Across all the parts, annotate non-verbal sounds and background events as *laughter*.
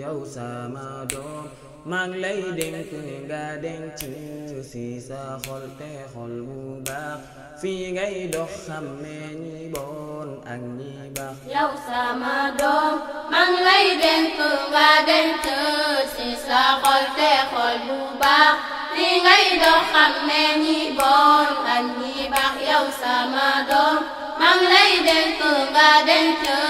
yow sama doom maa ngi lay dénk nga denc si sa te xol bu baax fii ngay dox xàmmee ñi bon ak ñi baax. yow sama doom maa ngi lay dénk nga denc si sa te xol bu baax fi ngay dox xàmmee ñi bon ak ñi baax yow sama doom. mang lấy đèn từ và đèn chờ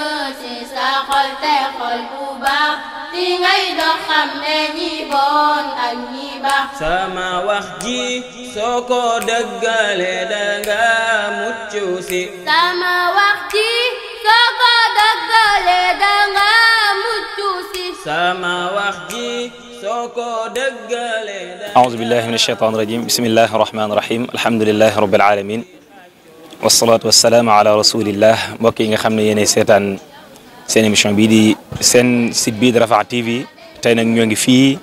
xì xa khỏi tè khỏi u ba ti ngay dox xam ne ñi bon ak ñi baax sama wax ji soo ko dëggale da nga mucc si sama wax ji soo ko dëggale da nga mucc si sama wax ji أعوذ بالله من الشيطان الرجيم بسم الله الرحمن الرحيم الحمد لله رب العالمين wasalaatu wasalaam ala rasulillah mbokk yi nga xam ne yéenay seetaan seen émission bii di seen site bii di Rafah TV tey nag ñoo ngi fii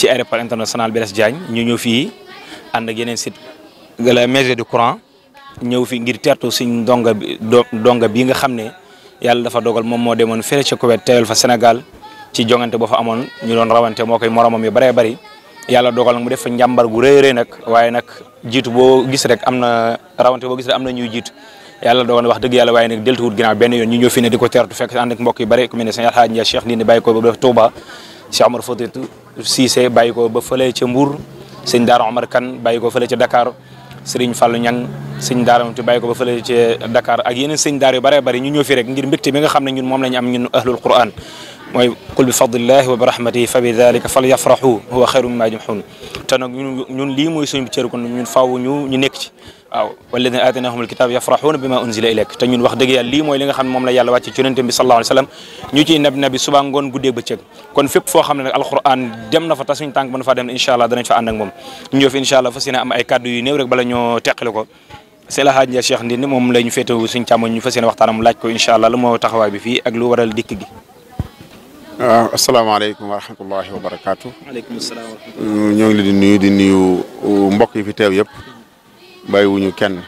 ci aéroport international Blaise Diagne ñu ñëw fii ànd ak yeneen site la Maison du Coran ñëw fi ngir teertu suñ donga bi donga bii nga xam ne yàlla dafa dogal moom moo demoon fële ca Kuwait teewal fa Sénégal ci jongante boo fa amoon ñu doon rawante moo koy moromam yu bëree bëri yalla dogal nag mu def njambar gu reey reey nak waye nak jitu bo gis rek amna rawante bo gis rek amna ñuy jiitu yalla dogal wax yalla waye nak nag wut ginaaw ben yoon ñu ñëw fi ne diko tertu teertu fekk ak mbokk yu bare ku melni ne sëñ Alxaaji Cheikh Ndindi Touba Cheikh Omar fotetu Cissé bayiko ba fele ci Mbour Omar kan bayiko fele ci Dakar Serigne fallu ñang sëñ Daara Mouti bayiko ba fele ci Dakar ak yeneen sëñ Daara yu bare bare ñu ñëw fi rek ngir mbekté bi nga xamne ñun mom am ñun ahlul Quran ويقول بفضل الله وبرحمته فبذلك فليفرحوا هو خير مما يجمعون تانا نون لي موي سوني بتيرو كون نون فاو نيو ني نيك سي آه، والذين اتيناهم الكتاب يفرحون بما انزل اليك تا نون واخ دغ يال لي موي ليغا خامن موم لا يالا واتي صلى الله عليه وسلم نيو تي نبي نبي سبا غون غودي بتيك كون فيب فو خامن نك القران ديم نفا تا سوني تانك بنو فا ديم ان شاء الله دا نفا اندك موم نيو في ان شاء الله فاسينا ام اي كادو يو نيو رك بالا نيو تيخليكو سي لا حاج شيخ ندي موم لا نيو فيتو سوني تامو نيو فاسينا واخ لاج كو ان شاء الله لمو تاخواي بي في اك لو وارال ديك waaw asalaamaaleykum wa rahmatullahi wa barakaatu. waaleykum salaam wa rahmatulah. Mm, ngi di nuyu di nuyu uh, mbokk yi fi teew yëpp bàyyiwuñu kenn.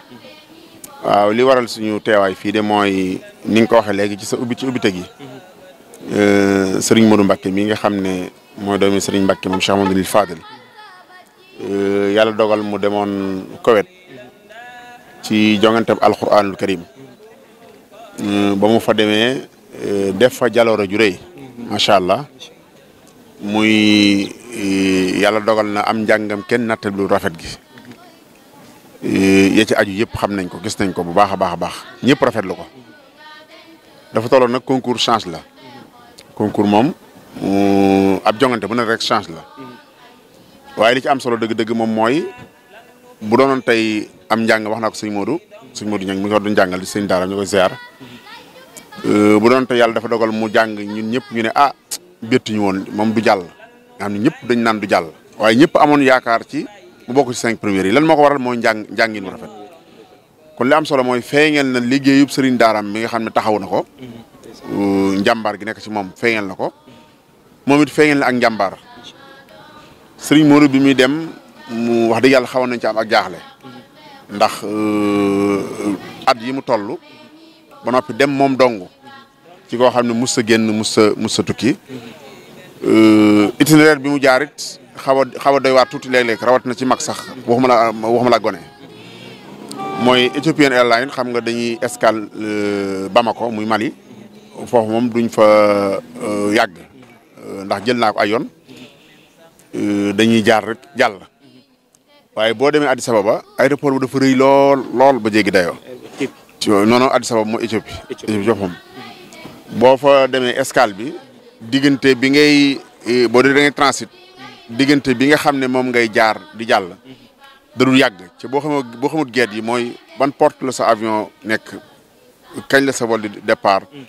waaw li waral suñu teewaay fii de mooy ni nga ko waxee léegi ci sa ubbi ci ubbite gi. Mm-hmm. Uh, Serigne Modou Mbacke mi nga xam ne mooy doomi Serigne Mbacke moom Cheikh Mamadou Fadel uh, yàlla dogal mu demoon Koweït ci jonganteem alquranul karim mm-hmm. ba mu fa demee def fa jaloore ju rëy. macha allah muy e, yàlla dogal na am njàngam kenn nattalu rafet gi e, ya ci aju yëpp xam nañ ko gis nañ ko bu baax a baax a baax ñëpp lu ko dafa tolloon nag concours change la concours moom ab jongante bu ne rek change la waaye li ci am solo dëgg-dëgg moom mooy bu doonoon tey am njàng wax naa ko sëñ Modou sëñ Modou ñang mi ko doon jàngal di sëñ daara koy ziar Euh, bu doon te yàlla dafa dogal mu jàng ñun ñëpp ñu ne ah bettuñu woon moom du jàll nga xam ne ñëpp dañ naan du jàll waaye ñëpp amoon yaakaar ci mu bokk ci cinq premières yi lan moo ko waral mooy njàng njàngin bu kon li am solo mooy feeñal na liggéeyub sëriñ daaraam mi nga xam ne taxaw na ko euh, njàmbaar gi nekk ci moom feeñal na ko moom it feeñal na ak njàmbaar sëriñ Modou bi muy dem mu wax dëgg yàlla xawoon nañ ci am ak jaaxle ndax euh, at yi mu toll ba noppi dem moom dong ci koo xam ne mus sa génn mussa sa mus sa tukki euh, itinéraire bi mu jaarit xawa xaw a doy waar tuuti léeg-léeg rawat na ci mag sax waxuma la waxuma la gone mooy Ethiopian Airlines xam nga dañuy escale euh, Bamako muy Mali foofu moom duñ fa euh, yàgg ndax jël naa ko ay yoon dañuy jaar rek jàll waaye boo demee Addis Ababa aéroport bi dafa rëy lool lool ba jéggi dayoo ci noonu Addis Ababa mooy Éthiopie. Éthiopie boo fa demee escale bi diggante bi ngay eh, boo dee da ngay transit diggante bi nga xam ne moom ngay jaar di jàll. da dul yàgg ci boo xam boo xamut gate yi mooy ban porte la sa avion nekk kañ la sa vol di départ. Mhm.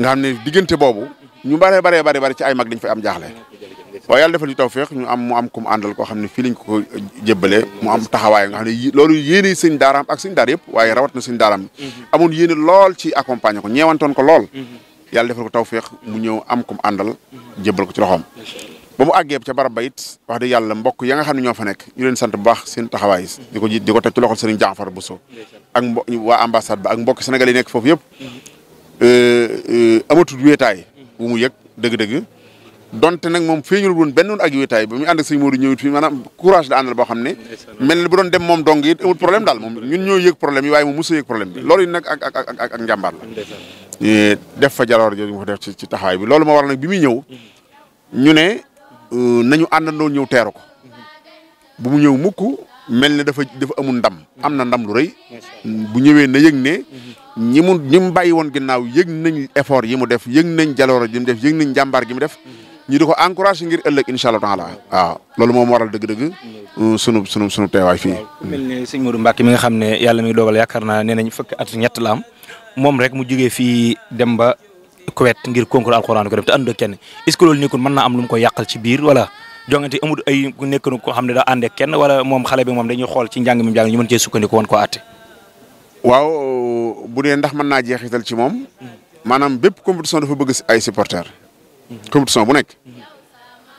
nga xam ne diggante boobu. ñu bare bare bare bare ci ay mag dañ fa am jaaxle. wa yàlla defal ñu tawféex ñu am mu am kum àndal koo xam ne fii ko ko mu am taxawaay nga xam ne yéene sëñ daaraam ak sëñ daar yëpp waaye rawat na sëñ daaraam mhm. amoon yéene lool ci accompagner ko ñeewantoon ko lool mhm. yàlla defal ko tawféex mu ñëw am kum àndal mhm. jébbal ko ci loxoom ba mu àggee ca barab ba it wax dëgg yàlla mbokk ya nga xam ne ñoo fa nekk ñu leen sant bu baax seen taxawaay di ko di loxol sëriñ Jaafar Bousso ak mbo ambassade ba ak mbokk sénégalais yi nekk foofu yëpp euh, euh, amatul wéetaay bu mu yëg dëgg-dëgg donte nag moom feeñul woon benn woon ak wéetaay ba muy ànd ak sëñ Modou ñëwit fii maanaam courage la àndal boo xam ne mel ne bu doon dem moom dong it amul problème daal moom ñun ñoo yëg problème yi waaye moom mosu yëg problème bi loolu yi nag ak ak ak ak la eh, def fa jaloor jooju mu fa def ci ci taxawaay bi loolu moo waral ne euh, nañu àndandoo ñëw teeru ko bu mu ñëw mukk mel ne dafa dafa amul ndam am na ndam lu rëy bu ñëwee na yëg ne mhm. ñi mu ñi mu bàyyi woon ginnaaw yëg nañ effort yi mu def yëg nañ jaloor ji mu def yëg nañ njàmbaar gi mu def mhm. ñu di ko encouragé ngir ëllëg incha allah taala waaw loolu moom waral dëgg-dëgg euh, sunu sunu sunu teewaay fii. mel ne sëñ Modou mbakk mi nga xam ne yàlla mi dogal yaakaar naa nee nañ fukk at ñett la am moom rek mu jógee fii dem ba Kuwait ngir concours alxuraan ko def te ànd ak kenn est-ce que loolu nekkul mën am lu mu ko yàqal ci biir wala jongante amul ay ku nekk ko xam ne daa ànd kenn wala moom xale bi moom dañuy xool ci njàng mi njàng ñu mën cee sukkandiku woon koo àtte. waaw bu dee ndax mën naa jeexital ci moom mm. maanaam bépp compétition dafa bëgg ay supporters compétition bu nekk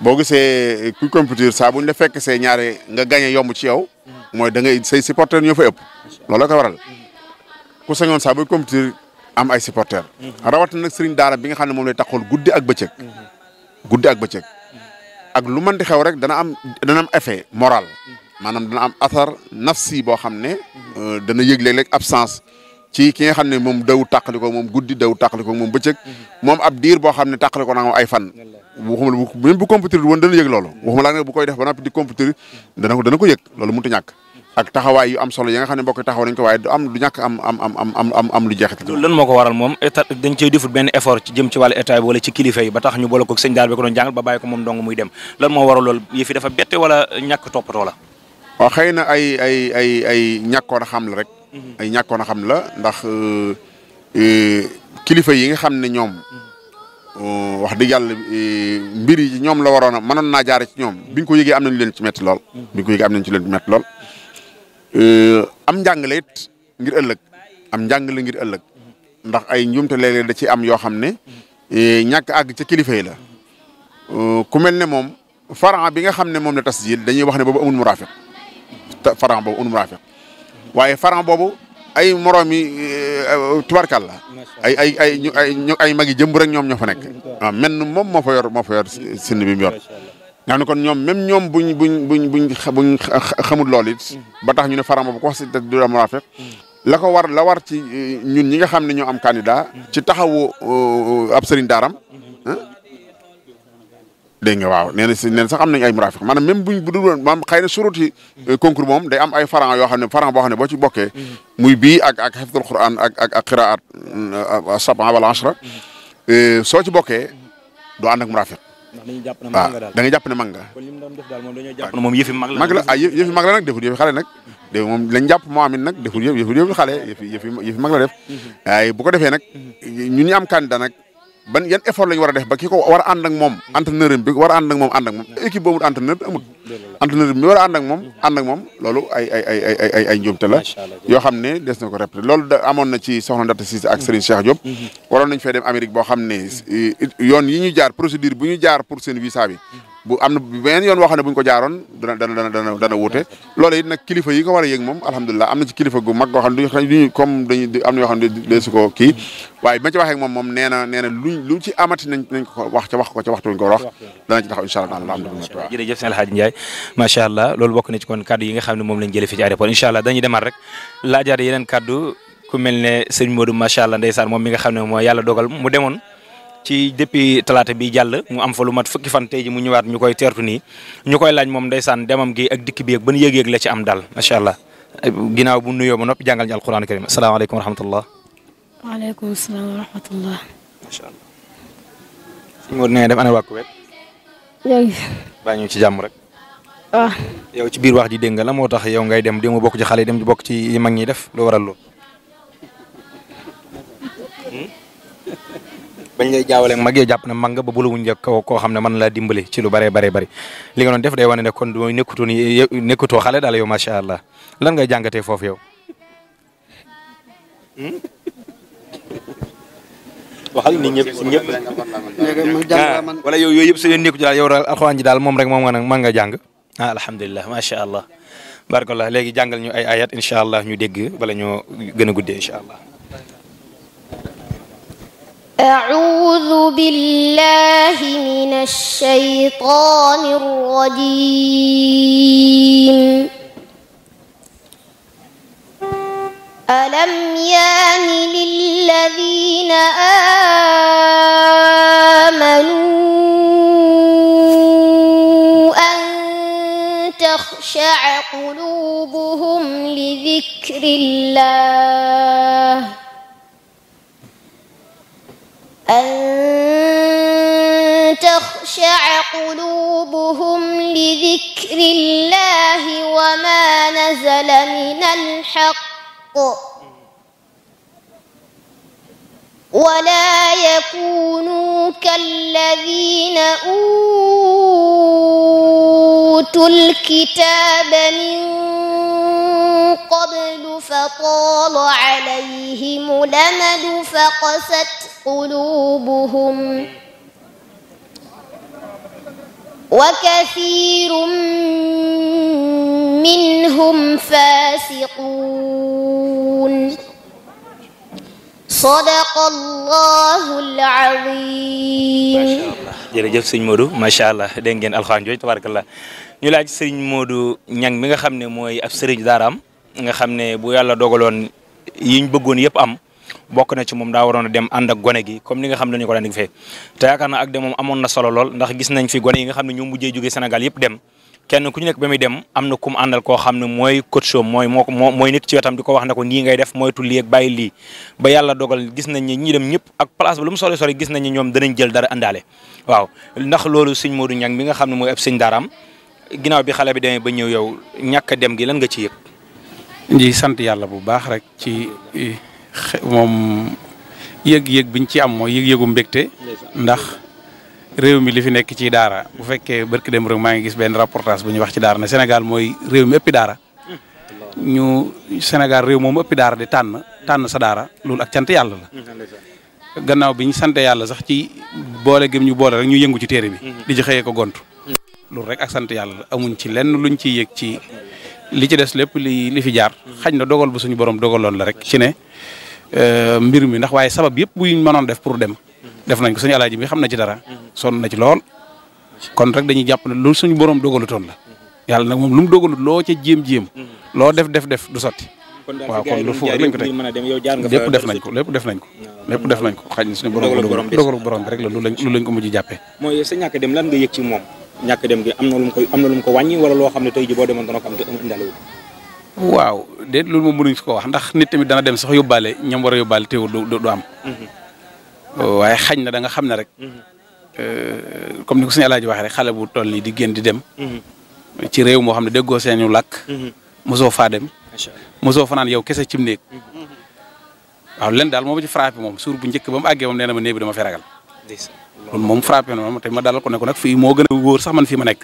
boo gisee kuy compétir saa bu ñu la fekk see ñaare nga gagné yomb ci yow mooy da ngay sey supporters ñoo fa ëpp loolu ko waral ku sañoon saa buy compétir am ay supporters rawatina nag sëriñ daara bi nga xam ne moom lay taxawal guddi ak bëccëg guddi ak bëccëg ak lu mën di xew rek dana am dana am effet moral maanaam dana am athar nafsi boo xam ne euh, dana yëg léeg-léeg absence ci ki nga xam ne moom daw tàqali ko moom guddi daw tàqali ko moom bëccëg moom ab boo xam ne tàqali ko naa moom ay fan waxuma la même bu compétir woon dana yëg loolu waxuma laa nag bu koy def ba noppi di compétir dana ko dana ko yëg loolu a ak taxawaay am solo yi xam ne mbokk taxaw nañ ko waaye du am du ñàkk am am lan moo ko waral moom état dañ cey defut benn effort ci jëm ci wàllu état bi wala ci kilifa yi ba tax ñu boole ko sëñ daal bi ko doon jàngal ba bàyyi ko moom dong muy dem lan moo waral loolu yëf dafa bette wala ñàkk toppatoo la waaw na ay ay ay ay ñàkkoon a xam la rek Mm-hmm. ay ñàkkoon xam la ndax euh, euh, kilifa yi nga xam ne ñoom euh, wax dëgg yàlla mbir yi ñoom la waroon a mënoon naa jaare ci ñoom bi ñu ko yëgee am nañu leen ci metti lool. Mm-hmm. ñu am nañu ci leen ci metti lool am njàngale it ngir ëllëg am njàngale ngir ëllëg mm-hmm. ndax ay njuumte léeg-léeg da ci am yoo xam ne ñàkk àgg ci kilifa yi la ku mel ne moom faran bi nga xam ne moom la tasjil dañuy wax ne boobu amul muraafiq faran boobu amul waaye faran boobu ay moroom yi euh, tubarkal la ay ay ay ñu ay ñu ay magi jëmb rek ñoom ñoo fa nekk moom moo fa yor moo fa yor bi mu yor nga xam ne kon ñoom même ñoom buñ buñ buñ buñ buñ xamul loolu it mm. ba tax ñu ne faram boobu ko wax si du la muraafiq mm. la ko war la war ci euh, ñun ñi nga xam ne ñoo am candidat mm. ci taxawu euh, ab sëriñ daaram dégg nga waaw nee na si nee na sax am nañ ay muraafik maanaam même buñ bu dul woon maanaam xëy na surut yi euh, concours moom day am ay faran yoo xam ne faran boo xam ne boo ci bokkee mm-hmm. muy bii ak ak quran ak ak ak euh, mm-hmm. euh, soo ci bokkee mm-hmm. doo ànd ak muraafik waaw da ne mag nga kon ne moom yëfi mag xale nag dé def waaye bu ko defee ñun ñu am candidat nag ban yan effort la ñu war a def ba ki ko war a ànd ak moom entraîneur bi war a moom ànd ak moom équipe boobu entraîneur amul bi war a ànd ak moom ànd ak moom loolu ay ay ay ay yoo xam ne des na ko répété loolu da amoon na ci soxna Ndata Cissé ak Serigne Cheikh Diop mhm. waroon nañ fee dem Amérique boo xam ne yoon yi ñu jaar procédure bu ñu jaar pour seen visa bi bu am na beneen yoon waxoon ne bu ko jaaroon dana wuute loolu it kilifa yi ko war a yëg moom alhamdulilah am na ci kilifa gu mag goo xam na waaye bi ma moom moom nee na nee luñ ci amati nañ nañ wax ca wax ko ca waxtu ñu ko wax dana ci taxaw incha allah allah loolu bokk na ci kon kaddu yi xam ne moom lañ jëlee a ci aéroport incha allah dañuy demaat rek laajaat yeneen kaddu ku mel ne sëñ Modou macha allah ndeysaan moom mi nga xam ne moo yàlla dogal mu demoon ci depuis talaata bi jàll mu am fa lu mat fukki fan tey ji mu ñëwaat ñu koy teertu nii ñu koy laaj moom dey ndeysaan demam gi ak dikk bi ak ban yëg-yëg la ci am daal macha allah ginnaaw bu nuyoo ba noppi jàngal ñu alquran karim asalaamaaleykum wa rahmatullah. waaleykum salaam wa rahmatullah. macha allah. suñu baa ñu ci jàmm rek. waaw. Ah. ci biir wax ji dégg nga la moo tax yow ngay dem di mu bokk ci xale dem di bokk ci mag ñi def lu waral loolu. bañ lay jaawale ak magge japp na manga nga ba buluwuñ njëkk koo ko xamne man la dimbali ci lu bare bare bare li nga doon def day wane ne kon mooy ni nekkuto xale dal yow sha allah lan nga jangate fof hmm? ah, yow. waxal ni ñepp ñepp wala yow yoy yëpp sa yoon nekku yow dal alxuraan ji daal rek mom nga nak man nga ah allah barakallah legi jangal ñu ay ayat insya allah ñu dégg bala ñu gëna a inshallah allah. أعوذ بالله من الشيطان الرجيم ألم يان للذين آمنوا أن تخشع قلوبهم لذكر الله أن تخشع قلوبهم لذكر الله وما نزل من الحق ولا يكونوا كالذين أوتوا الكتاب من قبل فطال عليهم الأمد فقست قلوبهم وكثير منهم فاسقون صدق الله العظيم ما شاء الله jërëjëf sëñ Modou macha allah dégg ngeen alxuraan jooju ñu laaj sëriñ Modou Niang mi nga xam ne mooy ab sëriñ daaraam nga xam ne bu yàlla dogaloon yiñ bëggoon yëpp am bokk na ci moom daa waroon a dem ànd gone gi comme ni nga xam ne ñu ko daan di fee na ak moom amoon na solo lool ndax gis nañ fi gone yi nga xam ne ñoo mujjee jógee Sénégal yëpp dem kenn ku ñu nekk ba muy dem am na ku mu àndal koo xam ne mooy coach am mooy moo moo mooy nekk ci wetam di ko wax na ko ni ngay def moytu lii ak bàyyi lii ba yàlla dogal gis nañ ñi ñi dem ñëpp ak place ba lu mu sori sori gis nañ ñoom danañ jël dara àndaale waaw ndax loolu mi nga xam ne mooy ab sëñ daaraam ginnaaw bi xale bi demee ba ñëw yow ñàkk dem gi lan nga ci yëg. di sant yàlla bu baax rek ci moom yëg-yëg biñ ci am mooy yëg-yëgu mbégte ndax réew mi li fi nekk ci daara bu fekkee barki dem rek maa ngi gis benn reportage bu ñuy wax ci daara na Sénégal mooy réew mi ëppi daara ñu Sénégal réew moom ëppi daara de tànn tànn sa daara loolu ak sant yàlla la. gannaaw bi ñu sant yàlla sax ci boole gi ñu boole rek ñu yëngu ci téere bi. Mm-hmm. di xëyee ko gontu. loolu rek ak sant yàlla amuñ ci lenn luñ ciy yëg ci li ci des lépp li li fi jaar xañ na dogal ba suñu borom dogaloon la rek ci ne euh, mbir mi ndax waaye sabab yëpp bu ñu mënoon def pour dem def nañ ko suñu alaaji bi xam na ci dara son na ci lool kon rek dañuy jàpp ne loolu suñu borom dogalutoon la yàlla nag moom lu mu dogalut loo ca jéem-jéem loo def def def du sotti waaw ko teg lépp def nañ ko lépp def nañ ko xañ na suñu borom dogalu borom bi rek la lu lañ ko mujj ñàkk dem gi am na lu mu koy am na lu mu ko wàññi wala loo xam ne tey ji boo demoon dana ko am waaw déet loolu ko wax ndax nit tamit dana dem sax yóbbaale ñam war a yóbbaale teewul du du am. Mm-hmm. waaye xañ na danga xam ne rek. Mm-hmm. Euh, comme ni ko suñu alaaji rek xale bu toll nii di génn di dem. Mm-hmm. ci réew moo xam ne déggoo seenu làkk. mosoo faa dem. macha allah mosoo fanaan yow kese cim néeg. waaw len daal moo ma ci moom suur bu njëkk ba mu àggee moom nee na ma néeg bi dama fi ragal. loolu moom frappé na ma te ma dalal ko ne ko nag fii moo gën a wóor sax man fii ma nekk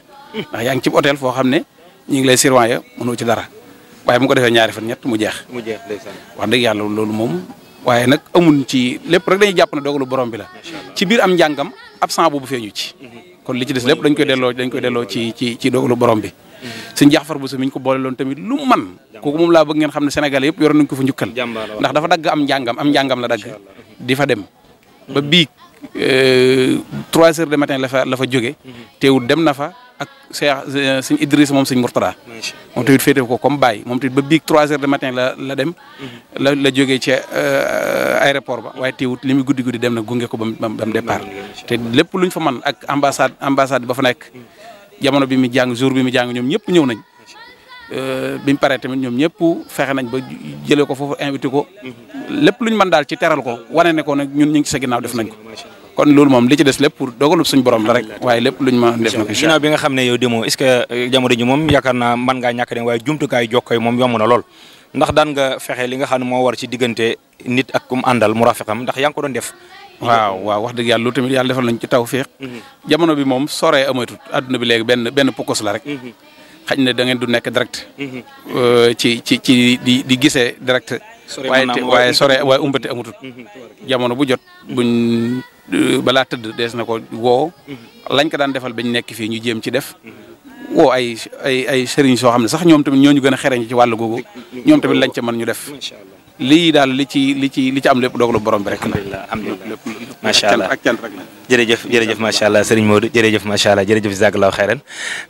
ndax yaa ngi ci hôtel foo xam ne ñu ngi lay surveiller mënoo ci dara waaye mu ko defee ñaari fan ñett mu jeex mu jeex ndeysaan wax dëgg yàlla loolu moom waaye nag amun ci lépp rek dañuy jàpp ne dogalu borom bi la ci biir am njàngam absent boobu feeñu ci mhm. kon li ci des lépp dañ koy delloo dañ koy delloo ci ci ci dogalu borom bi mhm. suñ jaxfar bu su mi ko boole loon tamit lu man kooku moom laa bëgg ngeen xam ne Sénégal yëpp yoroon nañ ko fa njukkal ndax dafa dagg am njàngam am njàngam la dagg di fa dem ba biig Euh, trois heures de matin la fa la fa jóge mhm. teewul dem na fa ak Cheikh euh, sëñ Idriss moom sëñ Mourtada moom tamit féete ko comme bàyyi moom tamit ba biig trois heures de matin la dem mhm. la la jógee ci euh, aéroport ba waaye teewut li muy guddi guddi dem na gunge ko bam bam départ te lépp luñ fa man ak ambassade ambassade ba fa nekk mhm. jamono bi mu jàng jour bi mu jàng ñoom ñëpp ñëw nañ Euh, bim mu tamit ñom ñëpp fexé nañ ba jëlé ko fofu invité ko lepp luñu man dal ci téral ko wane né ko nak ñun ñi ngi ci sa def nañ ko kon loolu mom li ci des lepp pour dogalub suñu borom la rek waaye lepp luñu ma def na ci ginnaaw bi nga xamné ne yow demo est-ce que euh, jamono ji mom yaakaar naa mën ngaa ñàkk dem jumtu kay jokkay mom yomb na lool ndax daan nga fexé li nga xamné mo war ci digënté nit ak kum andal murafiqam ndax yang ko doon def waaw waaw wax deug yalla tamit yalla defal nañ ci tawfiq mhm. jamono bi mom soree amatu aduna bi léegi ben ben pokos la rek mhm. xaj ne dangeen du nekk direct. Mhm. Euh, ci ci ci di di gisee direct. waaye waaye sore waaye umbate amatul. Mhm. jamono bu jot buñ euh, balaa tëdd dees na ko woo. Mhm. lañ ko daan defal bañ nekk fii ñu jéem ci def. woo ay ay ay sëriñ soo xam ne sax ñoom tamit ñooñu ñu gën a xereñ ci wàll googu. ñoom tamit lañ ca mën ñu def. lii daal li ci li ci li ci am lépp dogalu borom bi rek la alhamdulilah macha allah ak cant rek la jërëjëf jërëjëf macha allah Serigne Modou jërëjëf macha allah jërëjëf jazakallahu xayran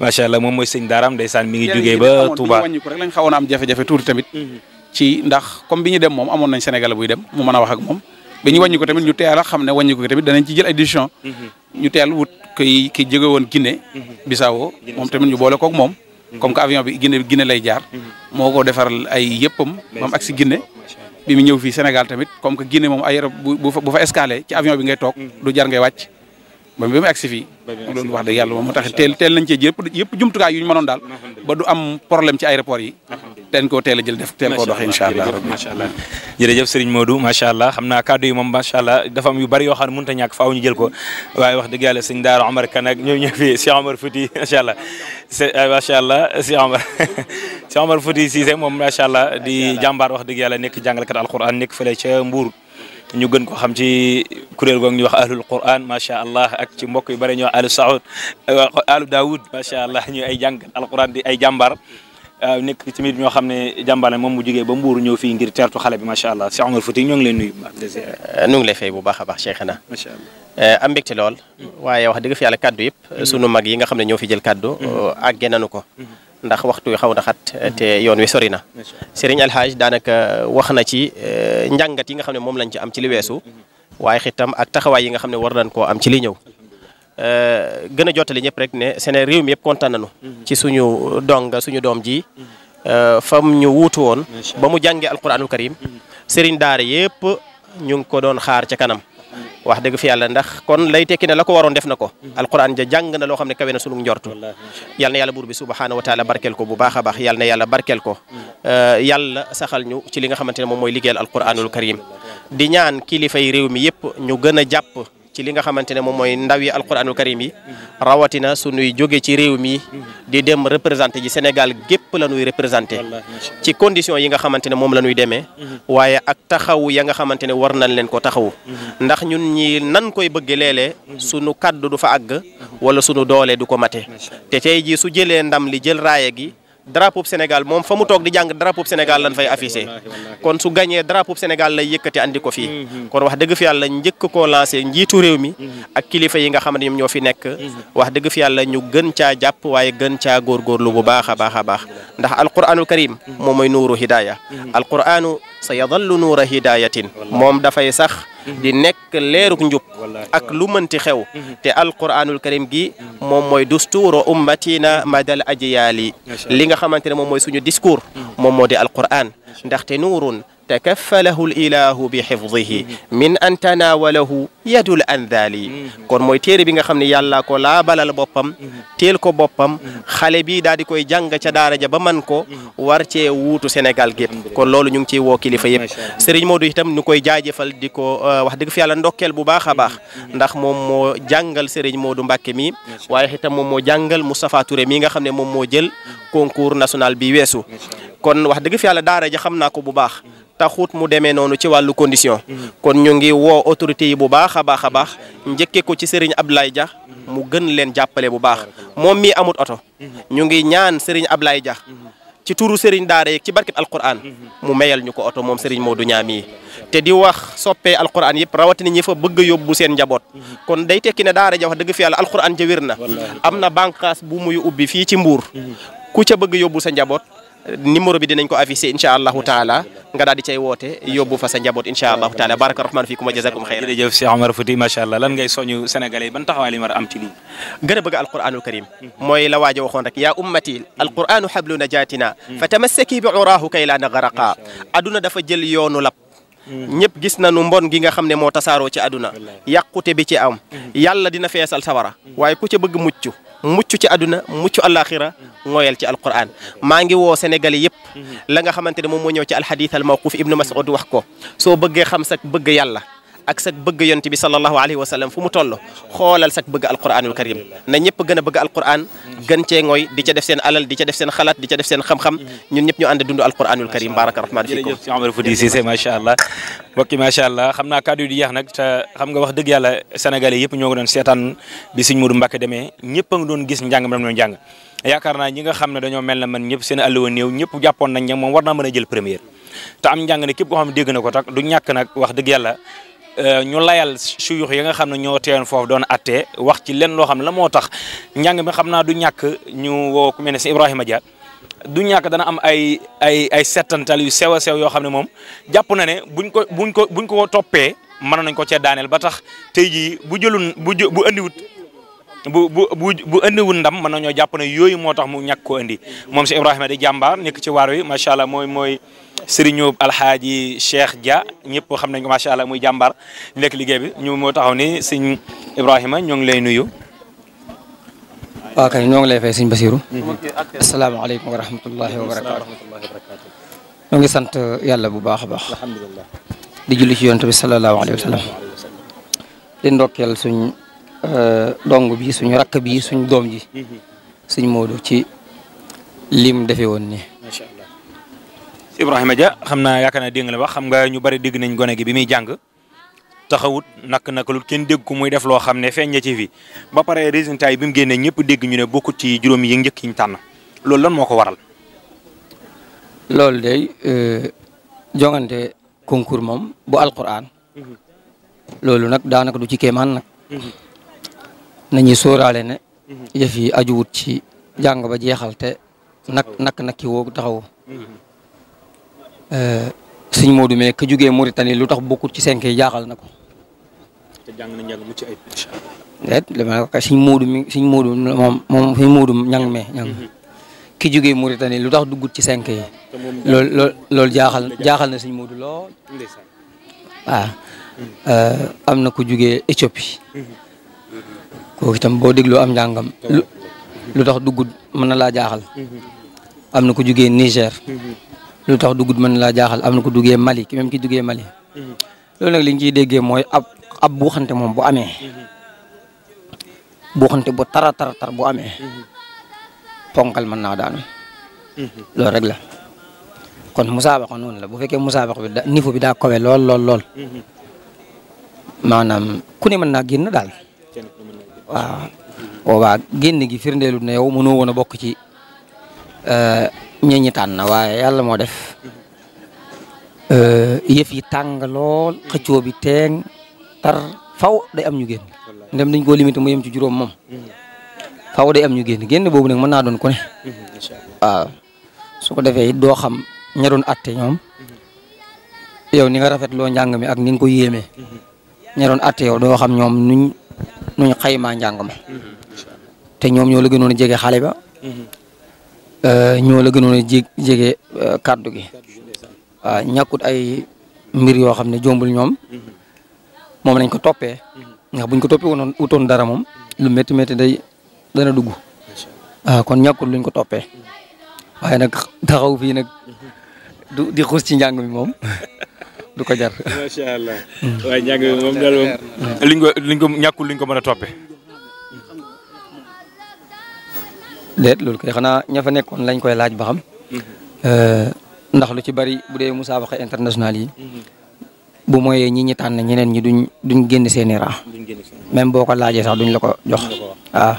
macha allah moom mooy sëñ daaraam ndeysaan mi ngi jugee ba Touba wàññi ko am jafe-jafe tuuti tamit mhm. ci ndax comme bi ñu dem moom amoon nañ Sénégal buy dem mu mën a wax ak moom bi ko tamit ñu teel a xam ne wàññi ko tamit danañ ci jël ay décision mhm. ñu teel wut koy ki jóge woon Guinée mhm. Bissau moom tamit ñu boole koog moom comme que avion bi Guinée Guinée lay jaar moo ko defaral ay yëppam moom ak si bi mu ñëw fii Sénégal tamit comme que Guinée moom aéro bu fa bu fa escalé ci avion bi ngay toog. Mm-hmm. du jar ngay wàcc. ba bi mu agsi loolu wax dëgg yàlla moom moo tax teel teel nañ cee jëpp yëpp jumtukaay yu ñu mënoon daal. Mm-hmm. ba du am problème ci aéroport yi. Mm-hmm. ten ko teel a jël def teel ko dox inshallah allah macha allah jërëjëf Serigne Modou machallah xamna cadeau yu mom machallah dafa am yu bari yo xamne munta ñak faaw ñu jël ko waaye wax deug yalla serigne daru Omar Kan ak ñoo ñoo fi Cheikh Omar Fouti machallah allah machallah Cheikh Omar *laughs* Cheikh Omar Fouti ci moom mom machallah di jambar wax deug yalla nek jangal kat alquran nek fele ci Mbour ñu gën ko xam ci kuréel googu ñu wax ahlul quran ma sha allah ak ci mbokk yu bari ñu wax ahlu saoud daoud ma sha allah ñu ay jang alquran di ay jambar nekk tamit ñoo xam ne jàmbaale moom mu jigé ba Mbour ñëw fi ngir tertu xale bi ma sha allah Cheikh Omar Fouti ñoo ngi leen nuyu. ñu ngi lay fay bu baaxa baax a baax Cheikhna. macha allah am mbégte lool. waye wax deug fi yàlla kaddu yëpp. sunu mag yi nga xamné ne ñoo fi jël kaddu. aggé nanu ko. ndax waxtu yi xawna xat te yoon wi sori na. Serigne Alhaaj daanaka wax na ci njàngat yi nga xamné mom lañ ci am ci li wessu waye xitam ak taxaway yi nga xamné war nañ ko am ci li ñëw. Euh, gën a jottali ñëpp rek ne seen réew mi yëpp kontaan mhm. ci suñu dong suñu doom ji. Euh, fam ñu wuutu woon. ba mu jàngee alquranul karim. Mhm. sëriñ daara yëpp ñu ngi ko doon xaar ca kanam. wax dëgg fi yàlla ndax kon lay tekki ne la ko waroon def na ko. Mhm. alquran ja jàng na loo xam ne kawe na sunu njortu. yal na yàlla buur bi subhaana wa taala barkeel ko bu baax baax yal yàlla barkeel ko. Euh, yàlla saxal ñu ci li nga xamante ne moom mooy liggéeyal alquranul karim. di ñaan kilifa yi a jàpp. ci li nga xamante ne moom mooy ndaw yi alquranul karim yi rawatina su nuy jógee ci réew mi di dem représenté ji Sénégal gépp la ñuy représenté ci condition yi nga xamante ne moom la ñuy demee mhm. waaye ak taxaw ya nga xamante ne war nañ leen ko taxaw mhm. ndax ñun ñi nan koy bëgg léeg-léeg mhm. suñu kaddu du fa àgg wala sunu doolee du ko mate te tey ji su jëlee ndam li jël raaya gi drapeau Sénégal moom fa mu toog di jàng drapeau Sénégal lan fay affiché kon su gañee drapeau Sénégal lay yëkkati andi ko fii mhm. kon wax dëgg fi yàlla njëkk ko lancé njiitu réew mi mhm. ak kilifa yi nga xam ne ñoom ñoo fi nekk mhm. wax dëgg fi yàlla ñu gën caa jàpp waaye gën caa lu bu baax a baax a baax ndax alquranul karim moom mooy nuuru hidaaya alquranu سيظل نور هداية موم دا فاي ساخ دي نيك ليروك نجوب اك لو منتي خيو تي القران الكريم جي موم موي دستور امتينا مدال اجيالي ليغا خامتاني موم موي سونو ديسكور موم مودي القران نداختي نور takaffalahu l ilahu bi xifdihi min an tanawalahu yadul andali mhm. kon mooy téere bi nga xam ne yàlla ko laa balal boppam mhm. teel ko boppam mhm. xale bi daal di koy jàng ca daara ja ba man ko war ce wuutu Sénégal gépp kon loolu ñu ngi ciy woo kilifa yëpp seriñ Modou itam ñu koy jaajëfal di ko euh, wax dëgg fi yàlla ndokkeel bu baax a baax ndax moom moo jàngal Serigne moodu mbakke mi waaye itam moom moo jàngal Moustapha Touré mi nga xam ne moom moo jël concours national bi weesu kon wax taxut mu demee noonu ci wàllu condition kon ñu ngi woo autorité yi bu baax a baax a baax njëkkee ko ci Serigne Abdoulaye Dia mu gën leen jàppale bu baax moom mi amut oto ñu ngi ñaan ab Abdoulaye ja ci turu Serigne Daara yeeg ci barkeb alquran mu mayal ñu ko oto moom moo Modou Niang mii te di wax soppee alquran yëpp rawatina ñi fa bëgg yóbbu seen njaboot kon day tekki ne Daara ja wax dëgg fi yàlla alquran ja wér na am na bànqaas bu muy ubbi fii ci Mbuur ku bëgg yóbbu sa njaboot numéro bi dinañ ko affiché incha allahu taala nga daal di woote yóbbu fa sa njaboot allahu taala baraka rahman fiikum wa jazakum xayra jërëjëf Cheikh Omar Fouti macha allah lan ngay soñu sénégalais yi ban taxawaay li a am ci lii gën a karim mooy la waajo waxoon rek ummati alquranu hablu najatina fa tamassaki bi uraahu kay laa na aduna dafa jël yoonu lap ñëpp gis nañu mbon gi nga xam ne moo tasaaroo ci àdduna yàqute bi ci am mm-hmm. yàlla dina feesal sawara mm-hmm. waaye ku ca bëgg mucc mucc ci àdduna mucc àllaaxira ngooyal ci alquran mm-hmm. maa ngi woo senegal yëpp la nga xamante ne moom moo ñëw ci alxadith al mawquf ibnu Mas'ud wax ko soo bëggee xam sa bëgg yàlla ak sa bëgg yonent bi sallallahu alaihi wasallam fu mu tollu xolal sa bëgg alquranul karim na ñepp gëna bëgg alquran gën ci ngoy di ca def seen alal di ca def seen xalaat di ca def seen xam-xam ñun ñepp ñu and dundu alquranul karim baraka rahman ci amru Omar Fouti ma sha allah ma sha allah xamna naa kaddu di yeex nak ta xam nga wax deug yalla sénégalais yëpp ñoo ngi doon sétane bi seigne Modou Mbacké démé ñepp nga doon gis jang mam ñoo jang yaakaar ñi nga xamne dañoo melna man ñepp seen àlluwa neew ñepp jàppoon nañ ñam moom war naa jël premier ta am jang ne kep ko xam deg na ko tak du ñak nak wax deug yalla Euh, ñu layal suyux yi nga xam ne ñoo teewoon foofu doon attee wax ci leen loo xam ne la moo tax njàng mi xam naa du ñàkk ñu woo ku mel ne si Ibrahima Dia du ñàkk dana am ay ay ay settantal yu sew a sew yoo xam ne moom jàpp na ne buñ ko buñ ko buñ ko toppee mën nañ ko cee daaneel ba tax tey jii bu jëlun bu andiwut bu bu bu bu wu ndam man ñu japp ne yoy mo tax mu ñak ko andi mom ci Ibrahima di jambar nek ci waru ma sha allah moy mooy sëriñu alxaaji Cheikh Dia ñepp xam nañ ko sha allah muy jambar nek liggéey bi ñu mo taxaw ni serigne Ibrahima ñu ngi lay nuyu. waaw kay ñoo ngi lay fay basirou mhm. assalamu alaykum wa rahmatullahi wa barakatuh ngi sante yalla bu baax baax. alhamdulilah. di julli ci yoonte bi sallallahu alayhi wa sallam. di ndokkeel suñ. Euh, dong bi suñu rakk bi suñu doom ji suñ Modou ci lim defee woon ni macha allah Ibrahima Dia xam naa yaakaar na dégg nga la wax xam nga ñu bari dégg nañ gone gi bi muy jàng taxawut nak nak lu kenn dégg ko muy def loo xam ne feeñ na ci fi ba pare résultat yi bi mu génnee ñëpp dégg ñu ne bokkut ci juróom yi njëkk yi ñu tànn loolu lan moo ko waral. loolu de euh, jongante concours moom bu alquran. Mhm. loolu nag daanaka du ci kéemaan nag. Mhm. nañuy sóoraale ne mhm. yëf yi ajuwut ci jàng ba jeexal te nak nak nakki woo taxaw eh, sëñ moodu mais ka jugee Mauritanie lu tax bokkut ci cinq yi jaaxal na ko te jàng na njàng mu ci mi sëñ Modou moom moom sëñ Modou ñang me ñang mhm. ki lu tax duggut ci cinq yi lool lool loolu jaaxal jaaxal na siñ Modou lool waaw ah. mhm. eh, am na ku jugee Éthiopie kooku itam boo dégloo am njàngam lu tax duggut mën na laa jaaxal am na ko jugee Niger lu tax duggut mën na laa jaaxal am na ko duggee Mali ki même ki duggee Mali loolu nag li ñu ciy déggee mooy ab ab buuxante moom bu amee buuxante bu tara tara tar bu amee ponkal mën naa daanu loolu rek la kon musaabaqa noonu la bu fekkee musaabaqa bi da niveau bi daa kowe lool lool lool maanaam ku ne mën naa génn daal waaw boobaa génn gi firndeelu ne yow mënoo woon a bokk ci euh, ñi ñi tànn waaye yàlla moo def euh, yëf yi tàng lool xëccoo bi teeng tar faw day am ñu génn ndem dañ koo limité mu yem ci juróom moom mm-hmm. faw de am ñu génn génn boobu nag mën naa doon ku mm-hmm. ko defee it doo xam ña doon atte ñoom mm-hmm. yow ni nga rafetloo njàng mi ak ni ko yéemee ña atte yow doo xam ñoom nuñ xaymaa njàng ma te ñoom ñoo la gënoon a jege xale ba euh, ñoo la gënoon a jég jege euh, kàddu gi waaw ay mbir yoo xam ne jombul ñoom moom lañ ko toppe ndax buñ ko toppee woon utoon dara moom lu métti métti day dana dugg kon ñakkut luñ ko toppee waaye nag taxaw fii nag di xuus ci njàng mi moom *laughs* du ko jar. macha allah. waaye njàng bi moom daal moom. liñ ko liñ ko ñàkkul liñ ko mën a toppee. loolu xanaa ña fa nekkoon lañ koy laaj ba mhm. ndax lu ci bari bu dee musaabaqa international yi. bu mooy ñi ñi ñeneen ñi duñ duñ génn seeni ra même boo ko laajee sax duñ la ko jox. waaw ah.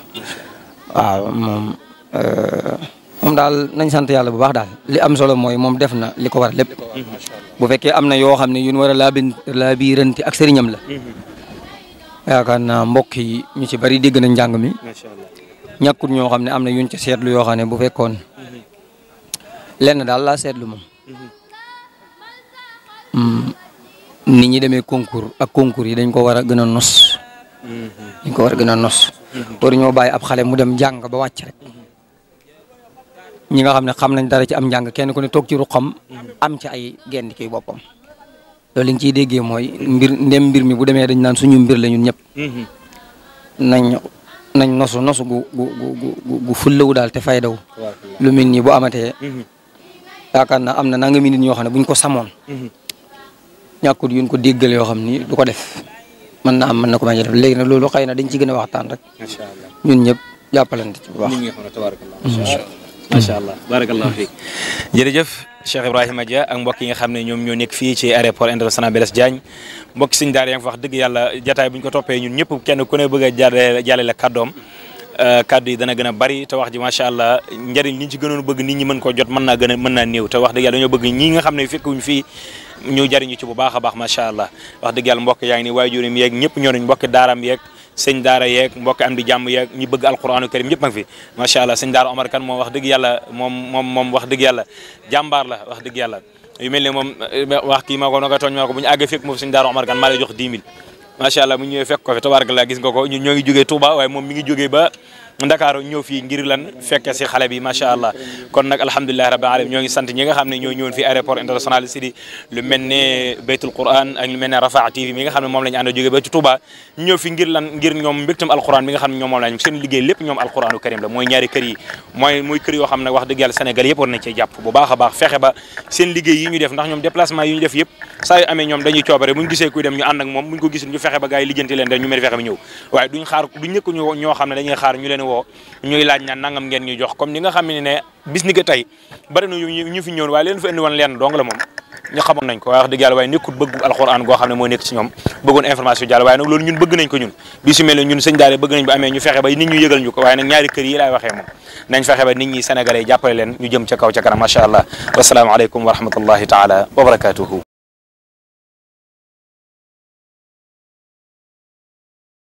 waaw moom. Euh, mom dal nañ sant yalla bu baax dal li am solo moy mom def na liko war lepp bu fekke am na yoo xam ne yu war a laabi laabiranti ak serignam la yaakaar naa mbokk yi ñu ci bari deg na jang mi ñakku ñoo xamni am na yuñ ci setlu yo xamni bu fekkon lenn dal la setlu mom hmm. nit ñi concours ak concours yi dañ ko war gëna nos dañ ko war gëna nos war ñoo bàyyi ab xalé mu dem jang ba wacc rek ñi nga xam ne xam nañ dara ci am njàng kenn ku ne toog ci ruqam am ci ay genn ki boppam loolu li ñu ciy déggee mooy mbir ndem mbir mi bu demee dañ naan suñu mbir la ñun ñëpp mm-hmm. nañ nañ nosu nosu gu gu gu gu fullawu daal te faydaw lu mel nii bu amatee mm-hmm. yaakaar na am na nangami nit ñoo xam ne buñ ko samoon mm-hmm. ñàkkut yuñ ko déggal yoo xam ni du ko def man na am mën na ko bañ a def léegi nag loolu xëy na dañ ci gën a waxtaan rek ñun ñëpp jàppalante ci bu macha allah barakallahu fiik jërëjëf Cheikh Ibrahima Dia ak mbokk yi nga xam ne ñoom ñoo nekk fii ci aéroport international Blaise Diagne mbokk suñu daara yaa ngi fa wax dëgg yàlla jataay biñ ko toppee ñun ñëpp kenn ku ne bëgg a jàllale jàllale kàddoom euh, kàddu yi dana gën a bari te wax ji macha allah njariñ ñi ñu ci gënoon bëgg nit ñi mën koo jot mën naa gën a mën te wax dëgg yàlla dañoo bëgg ñi nga xam ne fekkuñ fii ñu jariñu ci bu baax a baax macha allah wax dëgg yàlla mbokk yaa ngi ni waajuram yeeg ñëpp ñoo nañ mbokk daaram yeeg sëñ daara yeeg mbokk am di jàmm yeeg ñi bëgg alquranu karim yëpp nag fi macha allah sëñ daara Omar kan moom wax dëgg yàlla moom moom moom wax dëgg yàlla jàmbaar la wax dëgg yàlla yu mel ne moom eh, wax kii maa ko naka tooñ maa ko bu ñu àggee fekk moom sëñ daara Omar kan maa jox 10 000 allah mu ñëwee fekk ko fi tabaaraka la gis nga ko ñun ñoo ngi jógee Touba waaye moom mi ngi ba Ndakaaru ñëw fi ngir lan fekke ci xale bi ma sha allah kon nak alhamdullilah rabbil alamin ñoo ngi sant ñi nga xamne ñoo ñëwoon fi aéroport international Sidi lu melne Baytul Quran ak lu melne Rafa TV mi nga xamne mom lañu la jóge ba ci Touba ñëw fi ngir lan ngir ñom mbektum alquran mi nga xamne ñom mom lañu seen liggey lépp ñom alquranu karim la moy ñaari kër yi moy moy kër yo xamne wax deug yàlla Sénégal yëpp war nañ cee jàpp bu baaxa baax fexe ba seen liggey yi ñu def ndax ñom déplacement yi ñu def yëpp saa yu amee ñoom dañuy ciobaré buñu gisé kuy dem ñu ànd ak mom buñ ko gisul ñu fexe ba gaay yi leen dañu ñu fexe ba ñëw waaye duñ xaar duñ ñëk ñoo xam ne dañuy xaar ñu leen leen woo ñuy laaj naan nangam geen ñuy jox comme ni nga xam ne ne bis ni que tey bari na ñu fi ñëwoon waaye leen fa indi leen dong moom ñu xamoon nañ ko waaye wax dëgg yàlla waaye nekkul bëgg alxuraan goo ne moo nekk ci ñoom bëggoon information jàll waaye nag loolu ñun bëgg nañ ko ñun bi su mel ne ñun sëñ daale bëgg nañ bu amee ñu fexe ba nit ñu yëgal ñu ko waaye nag ñaari kër yi laay waxee moom nañ fexe ba nit ñi sénégalais jàppale leen ñu jëm ca kaw ca kanam macha allah wasalaamaaleykum wa rahmatullahi taala wa barakatuhu